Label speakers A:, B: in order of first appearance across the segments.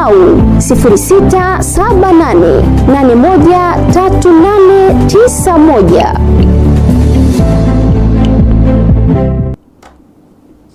A: au 0678813891.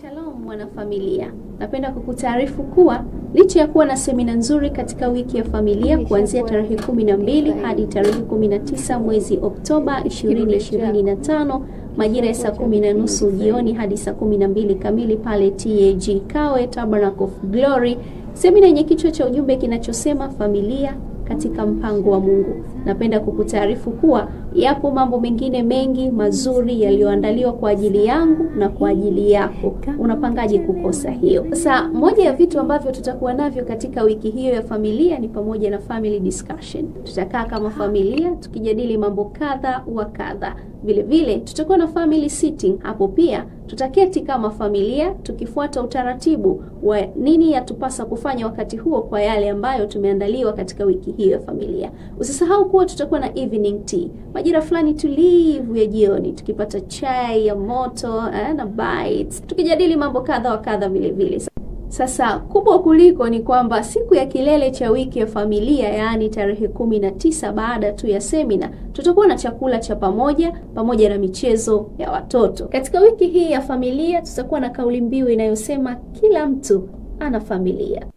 A: Shalom mwanafamilia, napenda kukutaarifu kuwa licha ya kuwa na semina nzuri katika wiki ya familia kuanzia tarehe 12 hadi tarehe 19 mwezi Oktoba 2025 majira ya saa 10:30 jioni hadi saa 12 kamili pale TAG Kawe Tabernacle of Glory Semina yenye kichwa cha ujumbe kinachosema familia katika mpango wa Mungu. Napenda kukutaarifu kuwa Yapo mambo mengine mengi mazuri yaliyoandaliwa kwa ajili yangu na kwa ajili yako. Unapangaje kukosa hiyo? Sasa moja ya vitu ambavyo tutakuwa navyo katika wiki hiyo ya familia ni pamoja na family discussion. Tutakaa kama familia tukijadili mambo kadha wa kadha. Vile vile tutakuwa na family sitting. Hapo pia tutaketi kama familia tukifuata utaratibu wa nini yatupasa kufanya wakati huo kwa yale ambayo tumeandaliwa katika wiki hiyo ya familia. Usisahau kuwa tutakuwa na evening tea majira fulani tulivu ya jioni, tukipata chai ya moto eh, na bites, tukijadili mambo kadha wa kadha vile vile. Sasa kubwa kuliko ni kwamba siku ya kilele cha wiki ya familia, yaani tarehe kumi na tisa baada tu ya semina, tutakuwa na chakula cha pamoja pamoja na michezo ya watoto. Katika wiki hii ya familia, tutakuwa na kauli mbiu inayosema kila mtu ana familia.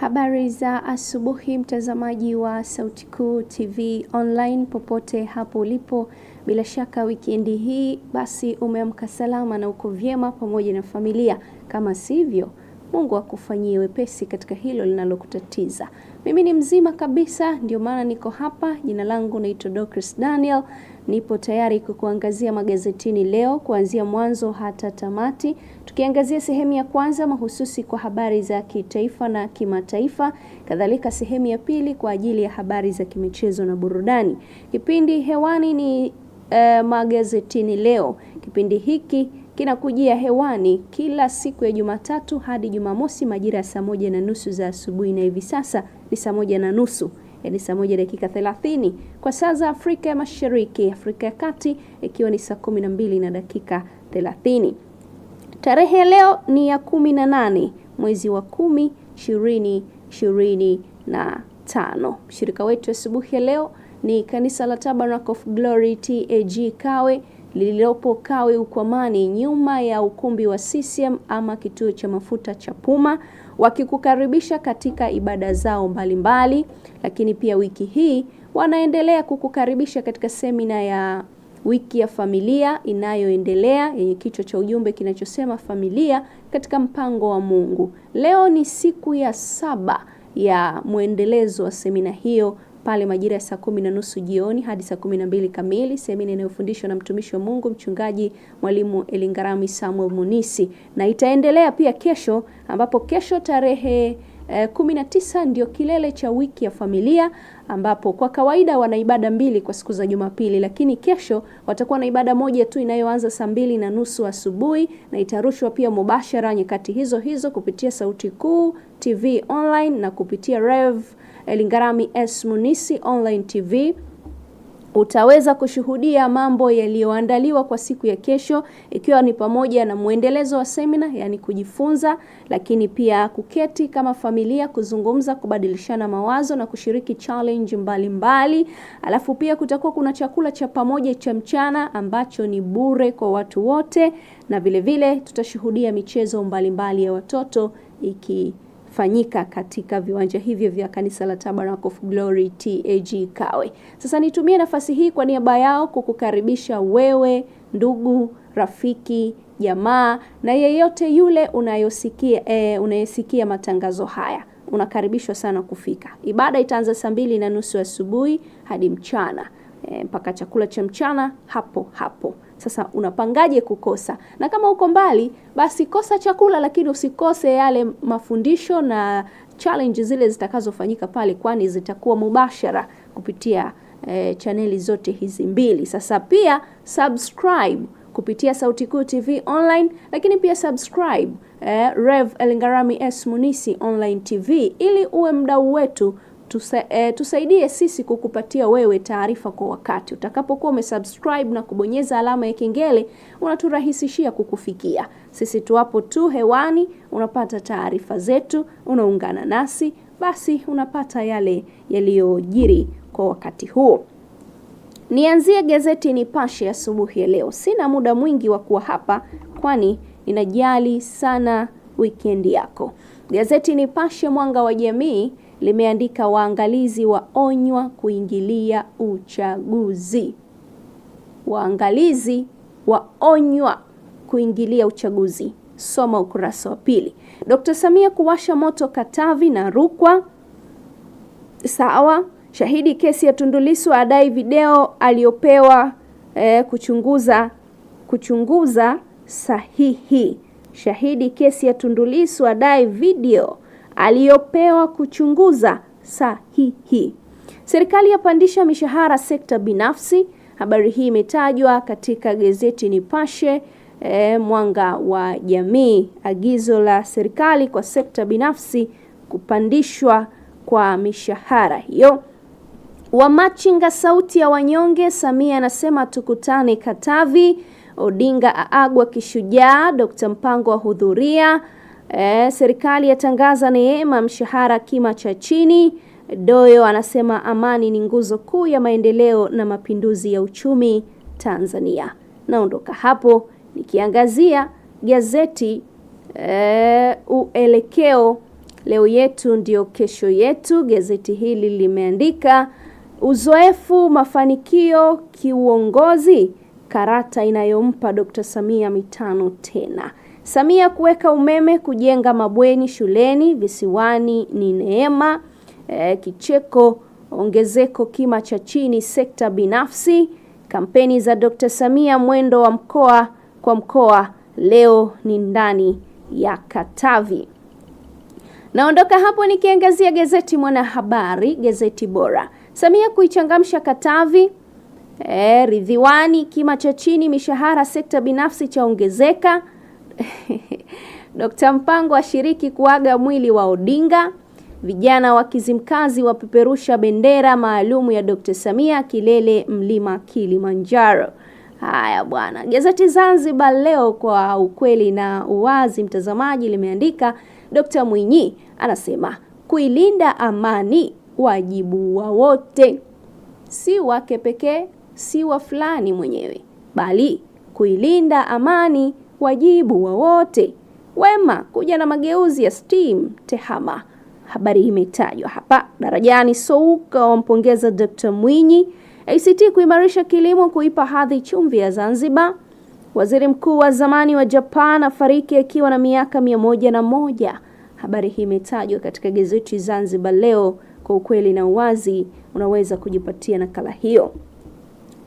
B: Habari za asubuhi, mtazamaji wa Sauti Kuu TV online popote hapo ulipo. Bila shaka wikendi hii basi umeamka salama na uko vyema pamoja na familia. Kama sivyo, Mungu akufanyie wepesi katika hilo linalokutatiza. Mimi ni mzima kabisa, ndio maana niko hapa. Jina langu naitwa Dorcas Daniel nipo tayari kukuangazia magazetini leo kuanzia mwanzo hata tamati, tukiangazia sehemu ya kwanza mahususi kwa habari za kitaifa na kimataifa, kadhalika sehemu ya pili kwa ajili ya habari za kimichezo na burudani. Kipindi hewani ni eh, magazetini leo. Kipindi hiki kinakujia hewani kila siku ya Jumatatu hadi Jumamosi majira ya saa moja na nusu za asubuhi, na hivi sasa ni saa moja na nusu ni yaani saa moja dakika 30 kwa saa za Afrika ya Mashariki, Afrika ya Kati ikiwa ni saa mbili na dakika 30. Tarehe ya leo ni ya 18 mwezi wa 10 2025. Mshirika wetu asubuhi ya leo ni kanisa la Tabernacle of Glory TAG Kawe lililopo Kawe Ukwamani, nyuma ya ukumbi wa CCM ama kituo cha mafuta cha Puma wakikukaribisha katika ibada zao mbalimbali mbali. Lakini pia wiki hii wanaendelea kukukaribisha katika semina ya wiki ya familia inayoendelea yenye kichwa cha ujumbe kinachosema familia katika mpango wa Mungu. Leo ni siku ya saba ya mwendelezo wa semina hiyo pale majira ya saa kumi na nusu jioni hadi saa kumi na mbili kamili, semina inayofundishwa na mtumishi wa Mungu mchungaji mwalimu Elingarami Samuel Munisi, na itaendelea pia kesho, ambapo kesho tarehe e, kumi na tisa ndio kilele cha wiki ya familia, ambapo kwa kawaida wana ibada mbili kwa siku za Jumapili, lakini kesho watakuwa na ibada moja tu inayoanza saa mbili na nusu asubuhi na itarushwa pia mubashara nyakati hizo hizo kupitia Sauti Kuu TV online na kupitia Rev Elingarami S Munisi Online TV utaweza kushuhudia mambo yaliyoandaliwa kwa siku ya kesho, ikiwa ni pamoja na mwendelezo wa semina, yani kujifunza, lakini pia kuketi kama familia, kuzungumza, kubadilishana mawazo na kushiriki challenge mbalimbali mbali. Alafu pia kutakuwa kuna chakula cha pamoja cha mchana ambacho ni bure kwa watu wote, na vilevile tutashuhudia michezo mbalimbali mbali ya watoto iki fanyika katika viwanja hivyo vya kanisa la Tabernacle of Glory TAG Kawe. Sasa nitumie nafasi hii kwa niaba yao kukukaribisha wewe ndugu, rafiki, jamaa na yeyote yule unayosikia e, unayesikia matangazo haya unakaribishwa sana kufika. Ibada itaanza saa mbili na nusu asubuhi hadi mchana. Eh, mpaka e, chakula cha mchana hapo hapo. Sasa unapangaje kukosa? Na kama uko mbali, basi kosa chakula, lakini usikose yale mafundisho na challenge zile zitakazofanyika pale, kwani zitakuwa mubashara kupitia e, chaneli zote hizi mbili. Sasa pia subscribe kupitia Sauti Kuu TV online, lakini pia subscribe eh, Rev Elingarami S Munisi online TV ili uwe mdau wetu tusa, e, tusaidie sisi kukupatia wewe taarifa kwa wakati. Utakapokuwa umesubscribe na kubonyeza alama ya kengele, unaturahisishia kukufikia sisi. Tuwapo tu hewani, unapata taarifa zetu, unaungana nasi, basi unapata yale yaliyojiri kwa wakati huo. Nianzie gazeti Nipashe asubuhi ya leo. Sina muda mwingi wa kuwa hapa, kwani ninajali sana wikendi yako. Gazeti Nipashe, mwanga wa jamii limeandika waangalizi waonywa kuingilia uchaguzi. Waangalizi waonywa kuingilia uchaguzi, soma ukurasa wa pili. Dkt. Samia kuwasha moto Katavi na Rukwa, sawa. Shahidi kesi ya Tundu Lissu adai video aliyopewa eh, kuchunguza kuchunguza sahihi. Shahidi kesi ya Tundu Lissu adai video aliyopewa kuchunguza sahihi. Serikali yapandisha mishahara sekta binafsi. Habari hii imetajwa katika gazeti Nipashe, e, Mwanga wa Jamii. Agizo la serikali kwa sekta binafsi kupandishwa kwa mishahara hiyo. Wamachinga sauti ya wanyonge. Samia anasema tukutane Katavi. Odinga aagwa kishujaa. Dr. Mpango ahudhuria. E, serikali yatangaza neema mshahara kima cha chini. Doyo anasema amani ni nguzo kuu ya maendeleo na mapinduzi ya uchumi Tanzania. Naondoka hapo nikiangazia gazeti e, Uelekeo, leo yetu ndio kesho yetu. Gazeti hili limeandika uzoefu, mafanikio kiuongozi, karata inayompa Dr. Samia mitano tena Samia kuweka umeme kujenga mabweni shuleni visiwani ni neema. E, kicheko ongezeko kima cha chini sekta binafsi. Kampeni za Dr. Samia mwendo wa mkoa kwa mkoa, leo ni ndani ya Katavi. Naondoka hapo nikiangazia gazeti Mwanahabari, gazeti bora. Samia kuichangamsha Katavi. E, ridhiwani kima cha chini mishahara sekta binafsi cha ongezeka Dr. Mpango ashiriki kuaga mwili wa Odinga. Vijana wa Kizimkazi wapeperusha bendera maalumu ya Dr. Samia kilele mlima Kilimanjaro. Haya bwana, gazeti Zanzibar Leo kwa ukweli na uwazi, mtazamaji, limeandika Dr. Mwinyi anasema kuilinda amani wajibu wa wote, si wake pekee, si wa fulani mwenyewe, bali kuilinda amani wajibu wowote. Wema kuja na mageuzi ya STEAM TEHAMA. Habari hii imetajwa hapa. Darajani, Souka wampongeza Dkt. Mwinyi. ACT kuimarisha kilimo kuipa hadhi chumvi ya Zanzibar. Waziri mkuu wa zamani wa Japan afariki akiwa na miaka mia moja na moja. Habari hii imetajwa katika gazeti Zanzibar Leo kwa ukweli na uwazi. Unaweza kujipatia nakala hiyo.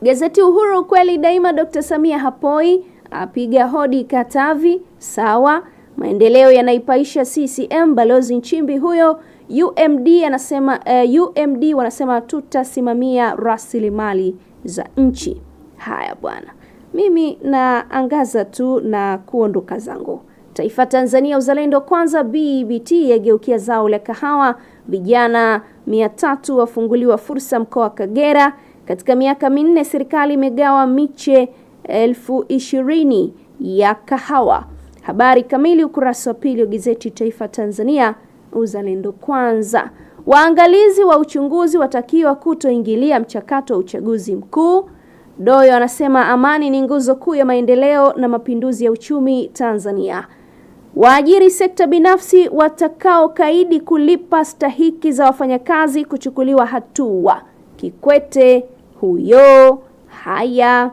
B: Gazeti Uhuru, ukweli daima. Dkt. Samia hapoi apiga hodi Katavi, sawa, maendeleo yanaipaisha CCM. Balozi Nchimbi huyo. UMD anasema uh, eh, UMD wanasema tutasimamia rasilimali za nchi. Haya bwana, mimi naangaza tu na kuondoka zangu. Taifa Tanzania, uzalendo kwanza. BBT yageukia zao la kahawa. Vijana 300 wafunguliwa fursa mkoa wa Kagera. Katika miaka minne serikali imegawa miche elfu ishirini ya kahawa. Habari kamili ukurasa wa pili wa gazeti Taifa Tanzania, uzalendo kwanza. Waangalizi wa uchunguzi watakiwa kutoingilia mchakato wa uchaguzi mkuu. Doyo anasema amani ni nguzo kuu ya maendeleo na mapinduzi ya uchumi Tanzania. Waajiri sekta binafsi watakaokaidi kulipa stahiki za wafanyakazi kuchukuliwa hatua. Kikwete huyo. Haya,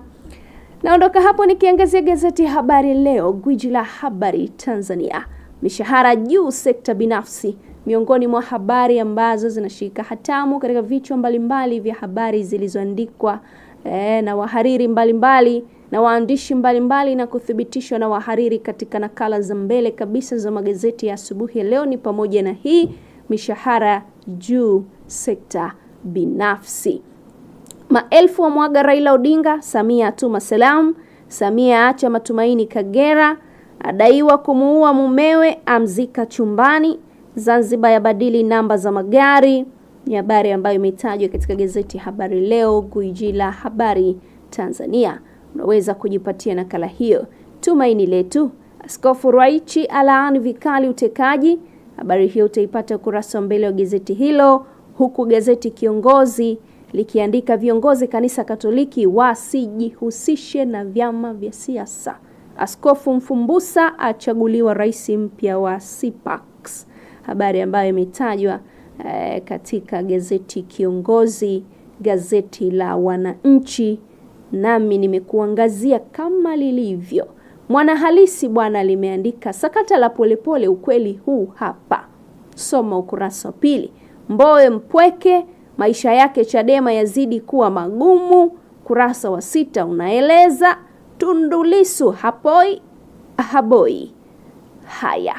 B: Naondoka hapo nikiangazia gazeti ya Habari Leo, gwiji la habari Tanzania. Mishahara juu sekta binafsi, miongoni mwa habari ambazo zinashika hatamu katika vichwa mbalimbali vya habari zilizoandikwa e, na wahariri mbalimbali mbali, na waandishi mbalimbali mbali, na kuthibitishwa na wahariri katika nakala za mbele kabisa za magazeti ya asubuhi ya leo, ni pamoja na hii mishahara juu sekta binafsi. Maelfu wa mwaga Raila Odinga, Samia atuma salamu. Samia acha matumaini Kagera, adaiwa kumuua mumewe, amzika chumbani. Zanzibar yabadili namba za magari, ni habari ambayo imetajwa katika gazeti Habari Leo, gwiji la habari Tanzania. Unaweza kujipatia nakala hiyo. Tumaini letu, Askofu Raichi alaani vikali utekaji. Habari hiyo utaipata ukurasa wa mbele wa gazeti hilo, huku gazeti Kiongozi likiandika viongozi kanisa Katoliki wasijihusishe na vyama vya siasa. Askofu Mfumbusa achaguliwa rais mpya wa CPAX, habari ambayo imetajwa eh, katika gazeti Kiongozi, gazeti la Wananchi, nami nimekuangazia kama lilivyo. Mwanahalisi bwana limeandika sakata la Polepole, ukweli huu hapa, soma ukurasa wa pili. Mbowe mpweke maisha yake Chadema yazidi kuwa magumu. Kurasa wa sita unaeleza Tundu Lissu hapoi haboi. Haya,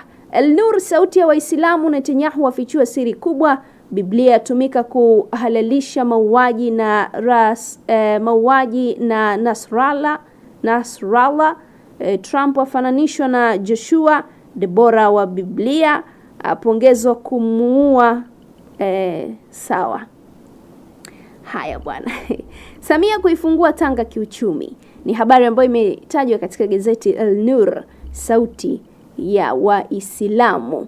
B: Nur, sauti ya Waislamu. Netanyahu afichua siri kubwa, Biblia yatumika kuhalalisha mauaji na ras, eh, mauaji na Nasrala Nasrala. Eh, Trump afananishwa na Joshua. Debora wa Biblia apongezwa ah, kumuua. Eh, sawa Haya bwana. Samia kuifungua Tanga kiuchumi ni habari ambayo imetajwa katika gazeti El Nur, sauti ya Waislamu.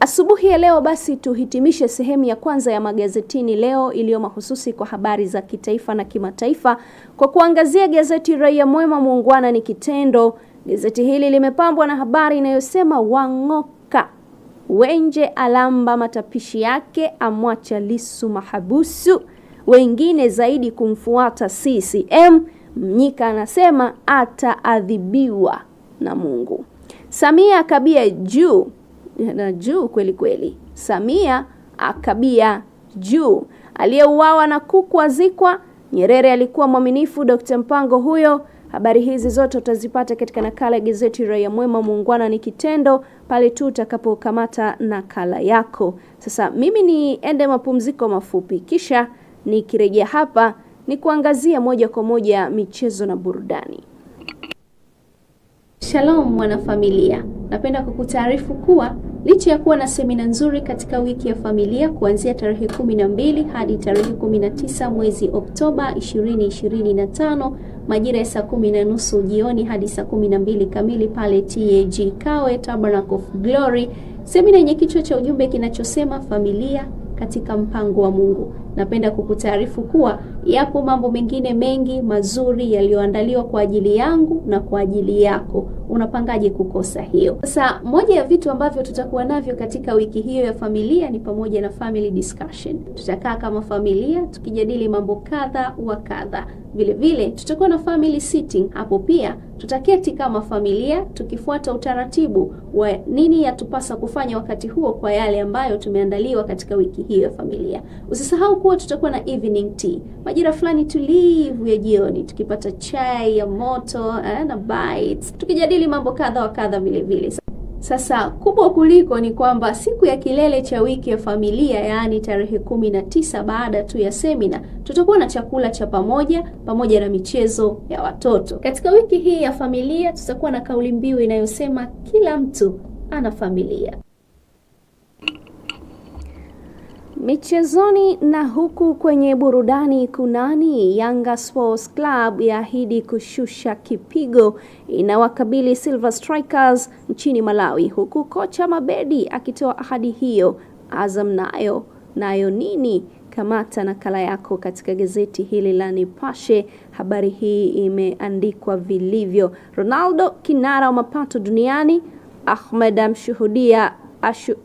B: Asubuhi ya leo basi tuhitimishe sehemu ya kwanza ya magazetini leo iliyo mahususi kwa habari za kitaifa na kimataifa kwa kuangazia gazeti Raia Mwema, muungwana ni kitendo. Gazeti hili limepambwa na habari inayosema Wang'oka Wenje alamba matapishi yake, amwacha Lisu mahabusu wengine zaidi kumfuata CCM, Mnyika anasema ataadhibiwa na Mungu. Samia akabia juu na juu kweli kweli. Samia akabia juu. Aliyeuawa na kuku azikwa. Nyerere alikuwa mwaminifu. Dr. Mpango huyo. Habari hizi zote utazipata katika nakala ya gazeti Raia Mwema, muungwana ni kitendo, pale tu utakapokamata nakala yako. Sasa mimi niende mapumziko mafupi, kisha Nikirejea hapa ni kuangazia moja kwa moja michezo na burudani.
A: Shalom mwanafamilia, napenda kukutaarifu kuwa licha ya kuwa na semina nzuri katika wiki ya familia kuanzia tarehe 12 hadi tarehe 19 mwezi Oktoba 2025 majira ya saa kumi na nusu jioni hadi saa 12 kamili pale TAG Kawe Tabernacle of Glory, semina yenye kichwa cha ujumbe kinachosema familia katika mpango wa Mungu. Napenda kukutaarifu kuwa yapo mambo mengine mengi mazuri yaliyoandaliwa kwa ajili yangu na kwa ajili yako. Unapangaje kukosa hiyo? Sasa, moja ya vitu ambavyo tutakuwa navyo katika wiki hiyo ya familia ni pamoja na family discussion. Tutakaa kama familia tukijadili mambo kadha wa kadha. Vile vile tutakuwa na family sitting hapo pia Tutaketi kama familia tukifuata utaratibu wa nini yatupasa kufanya wakati huo kwa yale ambayo tumeandaliwa katika wiki hiyo ya familia. Usisahau kuwa tutakuwa na evening tea, majira fulani tulivu ya jioni, tukipata chai ya moto eh, na bites, tukijadili mambo kadha wa kadha vilevile. Sasa kubwa kuliko ni kwamba siku ya kilele cha wiki ya familia, yaani tarehe kumi na tisa baada tu ya semina, tutakuwa na chakula cha pamoja pamoja na michezo ya watoto. Katika wiki hii ya familia, tutakuwa na kauli mbiu inayosema kila mtu ana familia.
B: Michezoni na huku kwenye burudani kunani, Yanga Sports Club yaahidi kushusha kipigo inawakabili Silver Strikers nchini Malawi, huku kocha Mabedi akitoa ahadi hiyo. Azam nayo nayo nini? Kamata nakala yako katika gazeti hili la Nipashe. Habari hii imeandikwa vilivyo. Ronaldo kinara wa mapato duniani. Ahmed amshuhudia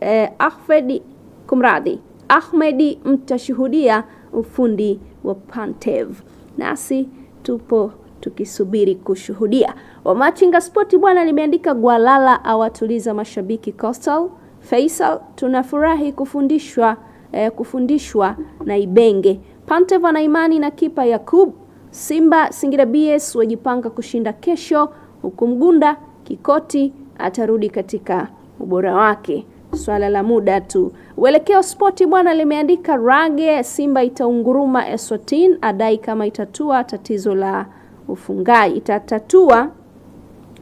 B: eh, Ahmed kumradhi Ahmed mtashuhudia ufundi wa Pantev, nasi tupo tukisubiri kushuhudia. Wamachinga Spoti bwana limeandika Gwalala awatuliza mashabiki Coastal. Faisal tunafurahi kufundishwa, eh, kufundishwa na Ibenge. Pantev ana imani na kipa Yakub. Simba Singida BS wajipanga kushinda kesho, huku Mgunda Kikoti atarudi katika ubora wake. Swala la muda tu. Uelekeo Spoti bwana limeandika Rage Simba itaunguruma Eswatini, adai kama itatua tatizo la ufungaji itatatua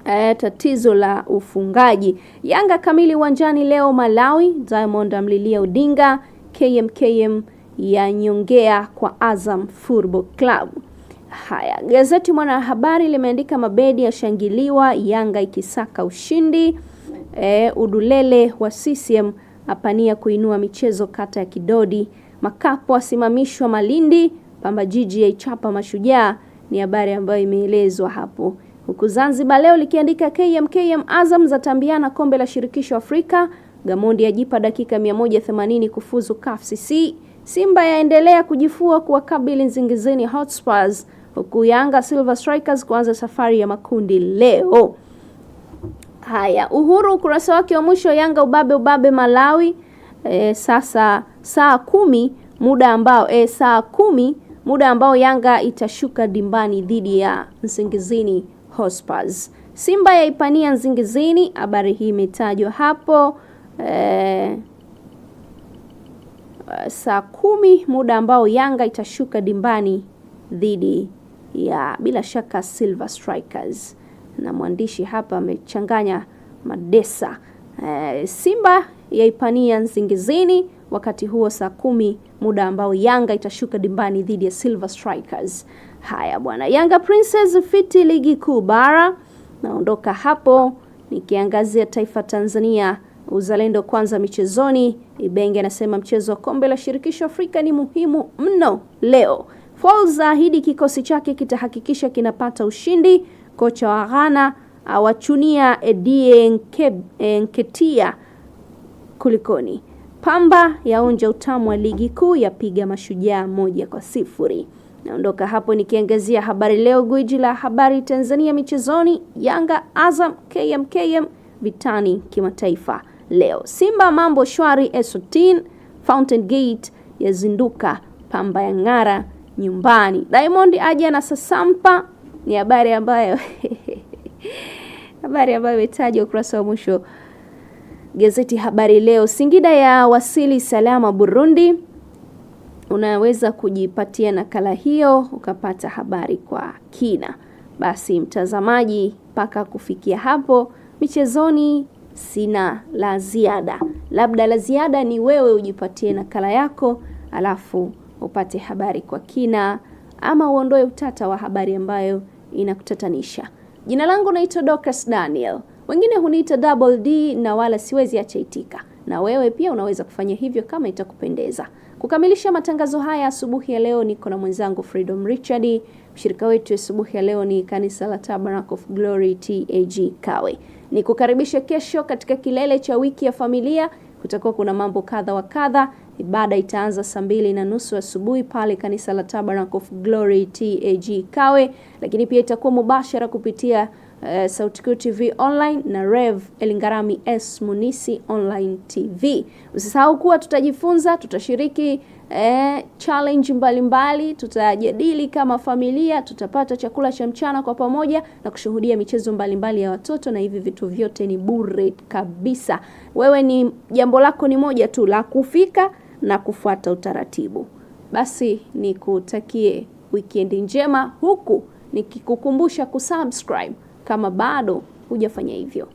B: E, tatizo la ufungaji. Yanga kamili uwanjani leo Malawi. Diamond amlilia Odinga. KMKM yanyongea kwa Azam Football Club. Haya, gazeti Mwanahabari limeandika Mabedi yashangiliwa Yanga ikisaka ushindi e, udulele wa CCM apania kuinua michezo kata ya Kidodi. Makapo asimamishwa Malindi, Pamba Jiji yaichapa Mashujaa, ni habari ambayo imeelezwa hapo, huku Zanzibar Leo likiandika KMKM Azam za tambiana kombe la shirikisho Afrika, Gamondi yajipa dakika 180 kufuzu CAF CC, Simba yaendelea kujifua kuwakabili Nsingizini Hotspurs, huku Yanga Silver Strikers kuanza safari ya makundi leo. Haya, Uhuru ukurasa wake wa mwisho, Yanga ubabe ubabe Malawi. E, sasa saa kumi muda ambao e, saa kumi muda ambao Yanga itashuka dimbani dhidi ya Nsingizini Hospitals. Simba yaipania Nsingizini, habari hii imetajwa hapo e, saa kumi muda ambao Yanga itashuka dimbani dhidi ya bila shaka Silver Strikers na mwandishi hapa amechanganya madesa. E, Simba yaipania nzingizini wakati huo saa kumi, muda ambao Yanga itashuka dimbani dhidi ya Silver Strikers. Haya bwana, Yanga Princess fiti ligi kuu bara. Naondoka hapo nikiangazia taifa Tanzania uzalendo kwanza michezoni. Ibenge anasema mchezo wa kombe la shirikisho Afrika ni muhimu mno leo. Falls ahidi kikosi chake kitahakikisha kinapata ushindi kocha wa Ghana awachunia uh, Edie Nketia. Kulikoni Pamba yaonja utamu wa ligi kuu, yapiga Mashujaa moja kwa sifuri. Naondoka hapo nikiangazia habari leo, gwiji la habari Tanzania michezoni. Yanga, Azam, KMKM vitani kimataifa leo. Simba mambo shwari, Eswatini. Fountain Gate yazinduka, Pamba ya ng'ara nyumbani. Diamond aja na Sasampa ni habari ambayo habari ambayo imetajwa ukurasa wa mwisho gazeti Habari Leo. Singida ya wasili salama Burundi. Unaweza kujipatia nakala hiyo ukapata habari kwa kina. Basi mtazamaji, mpaka kufikia hapo michezoni, sina la ziada. Labda la ziada ni wewe ujipatie nakala yako, alafu upate habari kwa kina, ama uondoe utata wa habari ambayo inakutatanisha. Jina langu naitwa Dorcas Daniel, wengine huniita Double D na wala siwezi achaitika na wewe pia unaweza kufanya hivyo kama itakupendeza. Kukamilisha matangazo haya asubuhi ya leo, niko na mwenzangu Freedom Richard. Mshirika wetu asubuhi ya leo ni kanisa la Tabernacle of Glory TAG Kawe. Nikukaribisha kesho katika kilele cha wiki ya familia. Kutakuwa kuna mambo kadha wa kadha Ibada itaanza saa mbili na nusu asubuhi pale kanisa la Tabernacle of Glory TAG Kawe, lakini pia itakuwa mubashara kupitia uh, Kuu TV online na Rev Elingarami S Munisi online TV. Usisahau kuwa tutajifunza, tutashiriki eh, challenge mbalimbali, tutajadili kama familia, tutapata chakula cha mchana kwa pamoja na kushuhudia michezo mbalimbali ya watoto, na hivi vitu vyote ni bure kabisa. Wewe ni jambo lako ni moja tu la kufika na kufuata utaratibu. Basi nikutakie wikendi njema, huku nikikukumbusha kusubscribe kama bado hujafanya hivyo.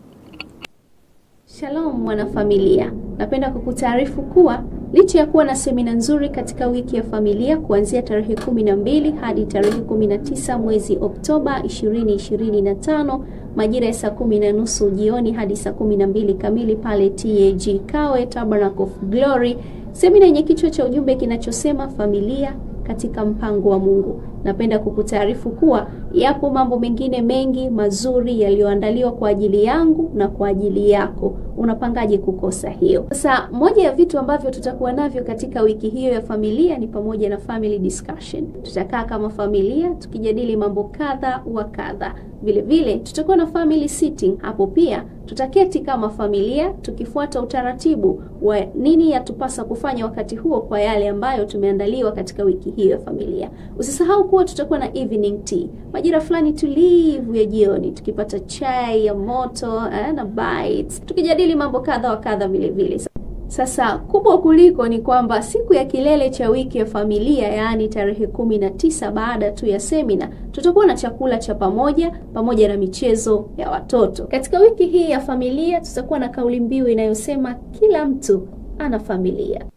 A: Shalom mwanafamilia, napenda kukutaarifu kuwa licha ya kuwa na semina nzuri katika wiki ya familia kuanzia tarehe 12 hadi tarehe 19 mwezi Oktoba 2025 majira ya saa kumi na nusu jioni hadi saa 12 kamili pale TAG Kawe Tabernacle of Glory Semina yenye kichwa cha ujumbe kinachosema familia katika mpango wa Mungu. Napenda kukutaarifu kuwa Yapo mambo mengine mengi mazuri yaliyoandaliwa kwa ajili yangu na kwa ajili yako. Unapangaje kukosa hiyo? Sasa moja ya vitu ambavyo tutakuwa navyo katika wiki hiyo ya familia ni pamoja na family discussion. Tutakaa kama familia tukijadili mambo kadha wa kadha. Vile vile tutakuwa na family sitting, hapo pia tutaketi kama familia tukifuata utaratibu wa nini yatupasa kufanya wakati huo kwa yale ambayo tumeandaliwa katika wiki hiyo ya familia. Usisahau kuwa tutakuwa na evening tea majira fulani tulivu ya jioni, tukipata chai ya moto eh, na bites, tukijadili mambo kadha wa kadha vile vile. Sasa kubwa kuliko ni kwamba siku ya kilele cha wiki ya familia, yaani tarehe kumi na tisa baada tu ya semina, tutakuwa na chakula cha pamoja pamoja na michezo ya watoto. Katika wiki hii ya familia, tutakuwa na kauli mbiu inayosema kila mtu ana familia.